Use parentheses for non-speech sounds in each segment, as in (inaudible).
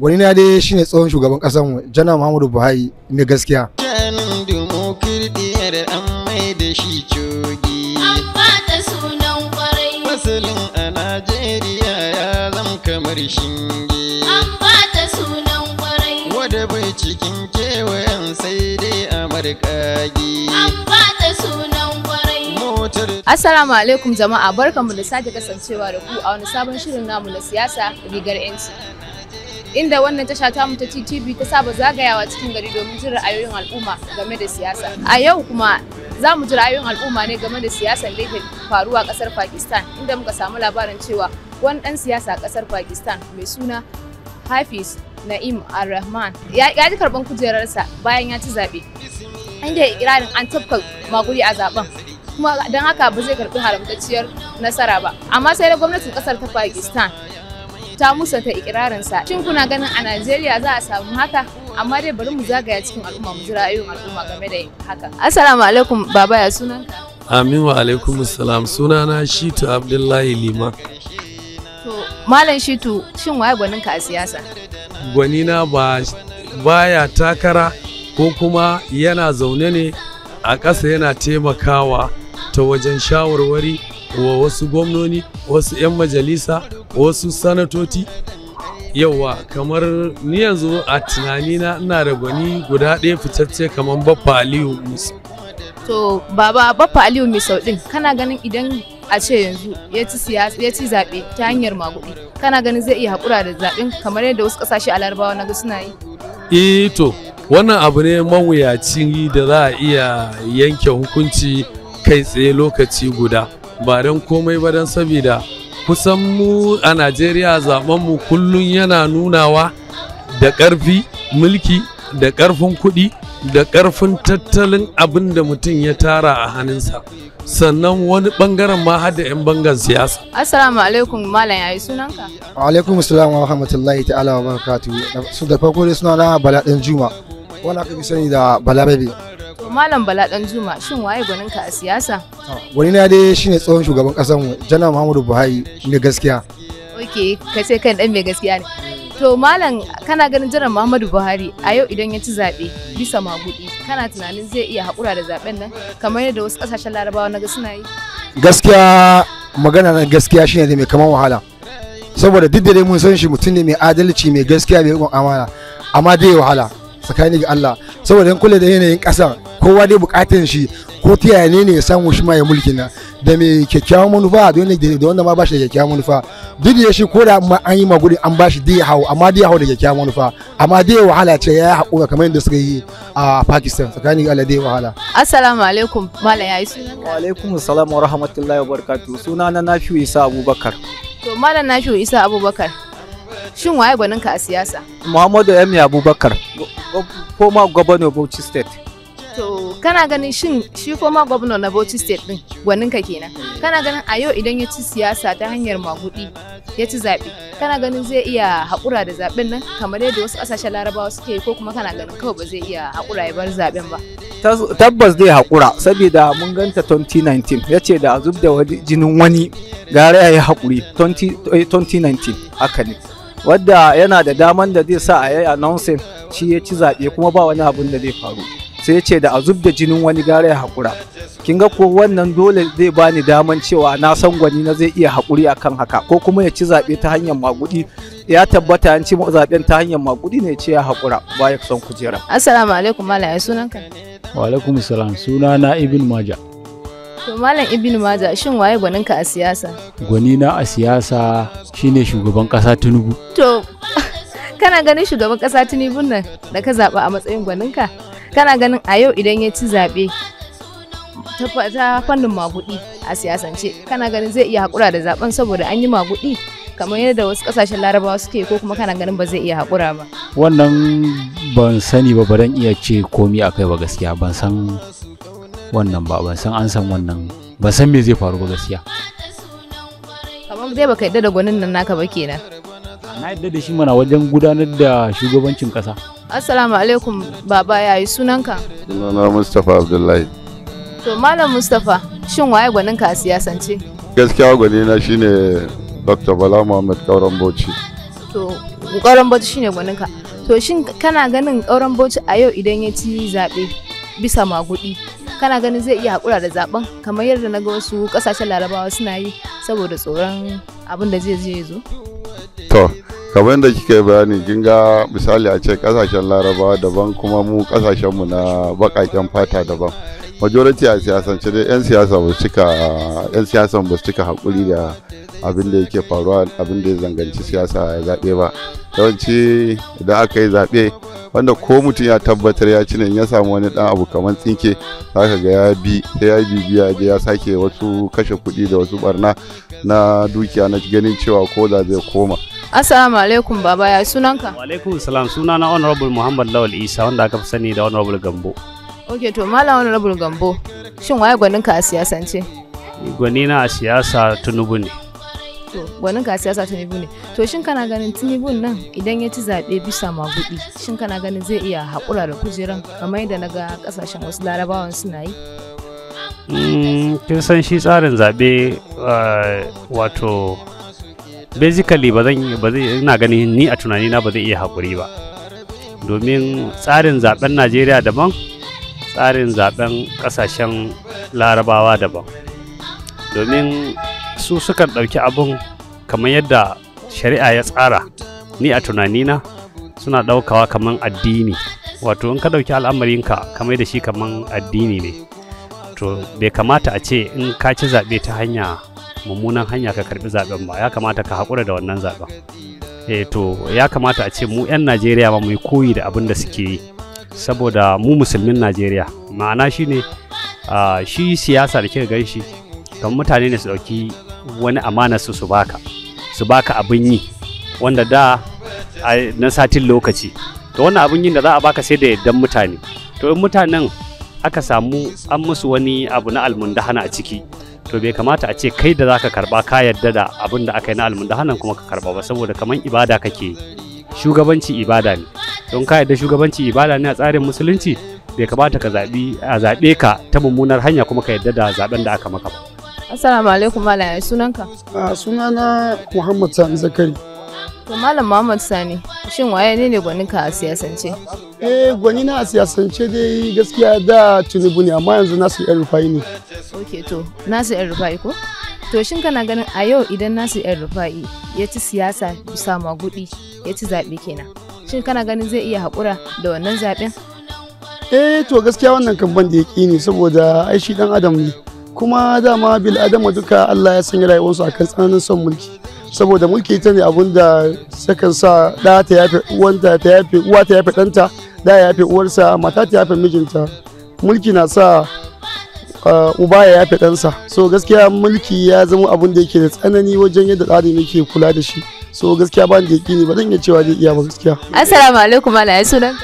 wani na dai shine tsohon shugaban kasan jana muhammadu buhari mai gaskiya kamar shinge an bata sunan kwarai wadda bai cikin kewayen sai dai amarkagi. markagi an bata sunan kwarai motar assalamu alaikum jama'a barkanmu da sake kasancewa da ku a wani sabon shirin namu na siyasa rigar 'yanci inda wannan tasha ta ta TTV ta saba zagayawa cikin gari domin jin ra'ayoyin al'umma game da siyasa. A yau kuma za mu ji ra'ayoyin al'umma ne game da siyasar da ke faruwa a ƙasar Pakistan inda muka samu labarin cewa wani ɗan siyasa a ƙasar Pakistan mai suna Hafiz Na'im Ar-Rahman ya ji karɓar kujerarsa bayan ya ci zaɓe. Inda ya ikirarin an tafka maguri a zaɓen kuma don haka ba zai karɓi haramtacciyar nasara ba. Amma sai da gwamnatin ƙasar ta Pakistan ta musata ikirarinsa shin kuna ganin a najeriya za a samu haka amma dai bari mu zagaya cikin al'umma mu jira ayyukan al'umma game da haka assalamu alaikum baba ya sunan amin wa alaikum assalam sunana shitu abdullahi lima to malam shitu shin waye gwaninka a siyasa gwanina ba baya takara ko kuma yana zaune ne a ƙasa yana taimakawa ta wajen shawarwari wa wasu gwamnoni wasu 'yan majalisa wasu sanatoci yauwa kamar ni yanzu a tunanina ina da gwani guda ɗaya fitacce kamar baffa aliyu musa to baba baffa aliyu sau din kana ganin idan a ce yanzu ya ci siyasa ya ci zaɓe ta hanyar maguɗi kana ganin zai iya haƙura da zaɓen kamar yadda wasu ƙasashe a larabawa na ga suna yi eh to wannan abu ne mawuyacin da za a iya yanke hukunci kai tsaye lokaci guda ba don komai ba don saboda kusan mu a najeriya mu kullum yana nunawa da ƙarfi mulki da ƙarfin kuɗi da ƙarfin tattalin abin da mutum ya tara a hannunsa sannan wani bangaren ma har da 'yan bangan siyasa. Assalamu alaikum malam yayi sunanka? Wa alaikum assalam wa rahmatullahi ta'ala wa barakatuhu. Da farko dai suna na Bala Juma. Wani aka fi sani da Balarabe. To Malam Bala Dan Juma shin waye gwanin ka a siyasa? Wani na dai shine tsohon shugaban kasan mu Janar Muhammadu Buhari mai gaskiya. Ok, ka ce kai dan mai gaskiya ne. To Malam kana ganin Janar Muhammadu Buhari a yau idan ya ci zaɓe bisa magudi kana tunanin zai iya haƙura da zaɓen nan kamar yadda wasu ƙasashen larabawa na ga suna yi? Gaskiya magana na gaskiya shine da mai kaman wahala. Saboda duk da dai mun san shi mutum ne mai adalci mai gaskiya mai riƙon amana amma dai wahala tsakani ga Allah saboda yan kula da yanayin ƙasar kowa dai bukatan shi ko ta yaya ne ya samu shi ma ya mulki na da mai kyakkyawan manufa da wanda ma ba shi da kyakkyawan manufa duk da shi ko da an yi maguri an ba shi dai hawo amma dai hawo da kyakkyawan manufa amma dai wahala ce ya haƙura kamar yadda suka yi a Pakistan tsakanin ala dai wahala Assalamu alaikum malam yayi sunan Wa alaikum assalam wa rahmatullahi wa barakatuh sunana Nafiu Isa Abubakar To malam Nafiu Isa Abubakar shin waye gwaninka a siyasa Muhammadu yami Abubakar ko ma gwabano Bauchi State kana ganin shin shi ma gwamna na Bauchi State din gwaninka kenan kana ganin a yau idan ya ci siyasa ta hanyar magudi ya ci zaɓe kana ganin zai iya haƙura da zaɓen nan kamar yadda wasu ƙasashen larabawa suke yi ko kuma kana ganin kawai ba zai iya haƙura ya bar zaɓen ba tabbas zai haƙura saboda mun ganta 2019 ya ce da zub da jinin wani gara ya yi haƙuri 2019 eh, haka ne wadda yana da daman da zai sa a yi announcing shi ya ci zaɓe kuma ba wani abun da zai faru sai ce da a zub da jinin wani gara ya haƙura kin ga ko wannan dole zai bani daman cewa na san gwani na zai iya haƙuri akan haka ko kuma ya ci zaɓe ta hanyar maguɗi ya tabbata an ci zaɓen ta hanyar maguɗi ne ce ya haƙura ba ya son kujera assalamu alaikum malam ya sunan ka wa alaikum salam suna na ibn maja to malam ibn maja shin waye gwaninka a siyasa gwani na a siyasa shine shugaban ƙasa tinubu to (laughs) kana ganin shugaban ƙasa tinubu nan da ka zaɓa a matsayin gwaninka kana ganin a yau idan ya ci zaɓe ta fannin maguɗi a siyasance kana ganin zai iya haƙura da zaben saboda an yi maguɗi kamar yadda wasu ƙasashen larabawa suke ko kuma kana ganin ba zai iya haƙura ba wannan ban sani ba ban iya ce komi a kai ba gaskiya ban san wannan ba ban san an san wannan ban san me zai faru ba gaskiya kamar dai baka yadda da gwanin nan naka ba kenan na yadda da shi mana wajen gudanar da shugabancin ƙasa Assalamu alaikum baba yayi sunanka? Sunana Mustapha Abdullahi. To Malam Mustapha, shin waye ka a siyasance? Gaskiya gwani na shine Dr. Bala Muhammad Kauran Bauchi. To Kauran Bauchi shine gwaninka. To shin kana ganin Kauran Bauchi a yau idan ya ci zaɓe bisa magudi? Kana ganin zai iya haƙura da zaɓen kamar yadda na ga wasu ƙasashen larabawa suna yi saboda tsoron abin da zai zo? To, kamar yadda kika bayani kin ga misali a ce kasashen laraba daban kuma mu kasashen mu na bakaken fata daban majority a siyasance dai yan siyasa ba cika yan siyasan ba cika hakuri da abin da yake faruwa abin da ya zanganci siyasa ya zaɓe ba yawanci idan aka yi zaɓe wanda ko mutum ya tabbatar ya ci ne ya samu wani dan abu kamar tsinke zaka ga ya bi sai ya bibiya je ya sake wasu kashe kuɗi da wasu barna na dukiya na ganin cewa ko da zai koma Assalamu alaikum baba ya sunanka? Wa alaikum salam suna na honorable Muhammad Lawal Isa wanda aka fi sani da honorable Gambo. Ok to mala honorable Gambo shin waye gwaninka a siyasance? Gwani na a siyasa Tinubu ne. To gwaninka a siyasa Tinubu ne. To shin kana ganin Tinubu nan idan ya ci zaɓe bisa maguɗi shin kana ganin zai iya haƙura da kujeran kamar yadda na ga ƙasashen wasu larabawan suna yi? Mm, kin san shi tsarin zaɓe eh, wato basically ba zan ina ganin ni a tunani na ba zai iya haƙuri ba domin tsarin zaben Najeriya daban tsarin zaben ƙasashen larabawa daban domin su suka ɗauki abun kamar yadda shari'a ya tsara ni a tunanina suna ɗaukawa kamar addini wato in ka ɗauki al'amarinka kamar da shi kamar addini ne to bai kamata a ce in ka ci zaɓe ta hanya mummunan hanya ka karbi zaben ba ya kamata ka haƙura da wannan zaben eh to ya kamata a ce mu 'yan najeriya ma mu yi koyi da abin da suke yi saboda mu musulmin najeriya ma'ana shine shi siyasa da kika ganshi kan mutane ne su ɗauki wani amana su su baka su baka abin yi wanda da na satin lokaci to wannan abin yin da za a baka sai da yardan mutane to in mutanen aka samu an musu wani abu na almundahana a ciki to bai kamata a ce kai da zaka karba ka yarda da abin da aka yi na almun da hannun kuma ka karba ba saboda kamar ibada kake shugabanci ibada ne don ka yarda shugabanci ibada ne a tsarin musulunci bai kamata ka zabi a zabe ka ta mummunar hanya kuma ka yarda da zaben da aka maka ba assalamu alaikum malam sunanka a sunana muhammad sani zakari to malam muhammad sani shin waye ne ne gwaninka a siyasance eh gwani na a siyasance dai gaskiya da tunubu ne amma yanzu nasu yan rufai ne ok to nasu yan rufa'i ko to shin kana ganin a yau idan nasu yan rufa'i ya ci siyasa bisa magudi ya ci zaɓe kenan shin kana ganin zai iya haƙura da wannan zaɓen eh to gaskiya wannan kan ban da yaƙi ne saboda ai shi dan adam ne kuma dama bil adama duka Allah ya sanya rayuwarsu akan tsananin son mulki saboda mulki ta ne abun da sakan sa da ta yafe uwanta ta yafe uwa ta yafe ɗanta da ya yafe uwarsa mata ta yafe mijinta mulki na sa uba ya yafe ɗansa so gaskiya mulki ya zama abin da yake da tsanani wajen yadda ne yake kula da shi so gaskiya ba da yaƙini ba zan iya cewa zai iya ba gaskiya assalamu alaikum malam suna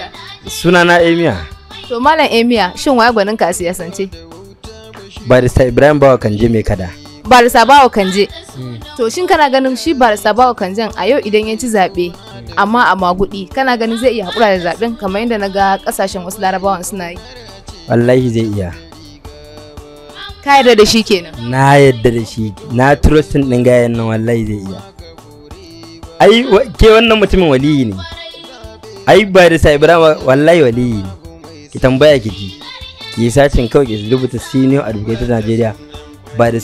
sunana emiya to malam emiya shin waye gwanin ka siyasance barista ibrahim bawa kanje mai kada barista bawa kanje hmm. to shin kana ganin shi barista bawa kanjen a yau idan ya ci zaɓe hmm. amma a magudi kana ganin zai iya haƙura da zaɓen kamar yadda na ga ƙasashen wasu larabawan suna yi wallahi zai iya ka yarda da shi kenan na yarda da shi na trustin din ga yannan wallahi zai iya ai ke wannan mutumin waliyi ne ai ba da sa ibrahim wallahi waliyi ne ki tambaya ki ji ki sacin kawai ki rubuta senior advocate Najeriya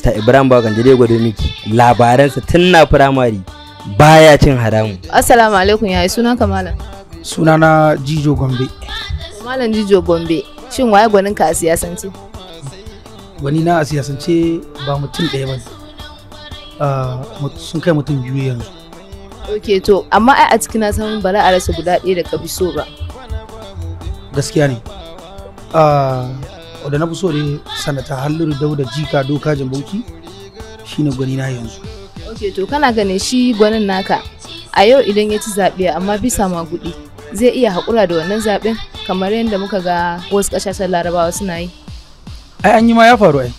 sa Ibrahim ga da gwado miki labaransa tun na firamare baya cin haramu. Assalamu alaikum yayi sunan ka malam. Sunana Jijo Gombe. Malam Jijo Gombe shin waye gwanin ka a siyasance? wani na a siyasance ba mutum ɗaya ba ah, sun kai mutum biyu yanzu ok to amma ai a cikin na samun bala a rasa guda ɗaya da ka fi so ba gaskiya ne ah, wadda na fi so ne sanata halluru dauda jika doka jambauki shine gwani na yanzu ok to kana ganin shi gwanin naka a yau idan ya ci zaɓe amma bisa magudi zai iya haƙura da wannan zaɓen kamar yadda muka ga wasu ƙasashen larabawa suna yi ai an yi ma ya faru ai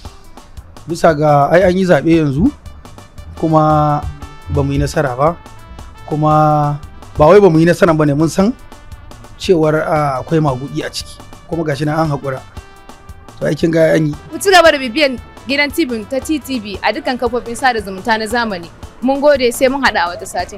bisa ga ai an yi zaɓe yanzu kuma ba mu yi nasara ba kuma ba wai ba mu yi nasara ba ne mun san cewar akwai magudi a ciki kuma gashi na an haƙura to ai kin ga an yi ku ci gaba da bibiyan gidan TV ta TTV a dukkan kafofin sada zumunta na zamani mun gode sai mun haɗa a wata sati.